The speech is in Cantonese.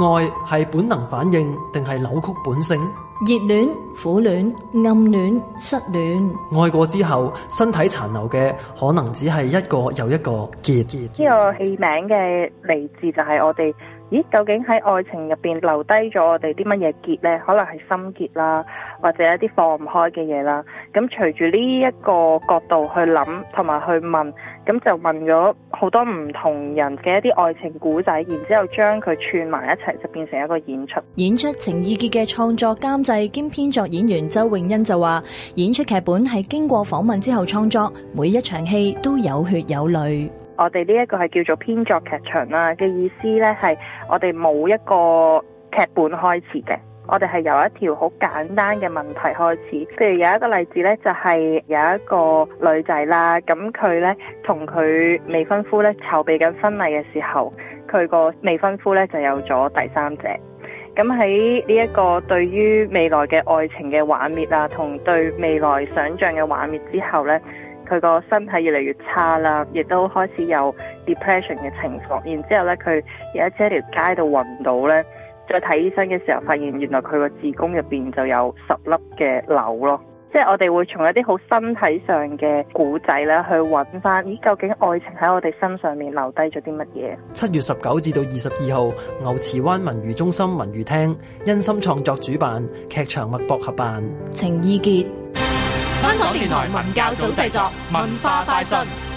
愛係本能反應定係扭曲本性？熱戀、苦戀、暗戀、失戀，愛過之後，身體殘留嘅可能只係一個又一個結結。呢個戲名嘅嚟自就係我哋，咦，究竟喺愛情入邊留低咗我哋啲乜嘢結呢？可能係心結啦，或者一啲放唔開嘅嘢啦。咁隨住呢一個角度去諗同埋去問，咁就問咗。好多唔同人嘅一啲愛情古仔，然之後將佢串埋一齊，就變成一個演出。演出情意結嘅創作監製兼編作演員周詠恩就話，演出劇本係經過訪問之後創作，每一場戲都有血有淚。我哋呢一個係叫做編作劇場啊嘅意思咧，係我哋冇一個劇本開始嘅。我哋係由一條好簡單嘅問題開始，譬如有一個例子呢就係、是、有一個女仔啦，咁佢呢同佢未婚夫呢，籌備緊婚禮嘅時候，佢個未婚夫呢就有咗第三者。咁喺呢一個對於未來嘅愛情嘅幻滅啊，同對未來想象嘅幻滅之後呢，佢個身體越嚟越差啦，亦都開始有 depression 嘅情況。然之後呢，佢有一次喺條街度暈倒呢。再睇醫生嘅時候，發現原來佢個子宮入邊就有十粒嘅瘤咯。即係我哋會從一啲好身體上嘅古仔咧，去揾返咦，究竟愛情喺我哋身上面留低咗啲乜嘢？七月十九至到二十二號，牛池灣文娛中心文娛廳，欣心創作主辦，劇場麥博合辦。程意傑，香港電台文教組製作，文化快訊。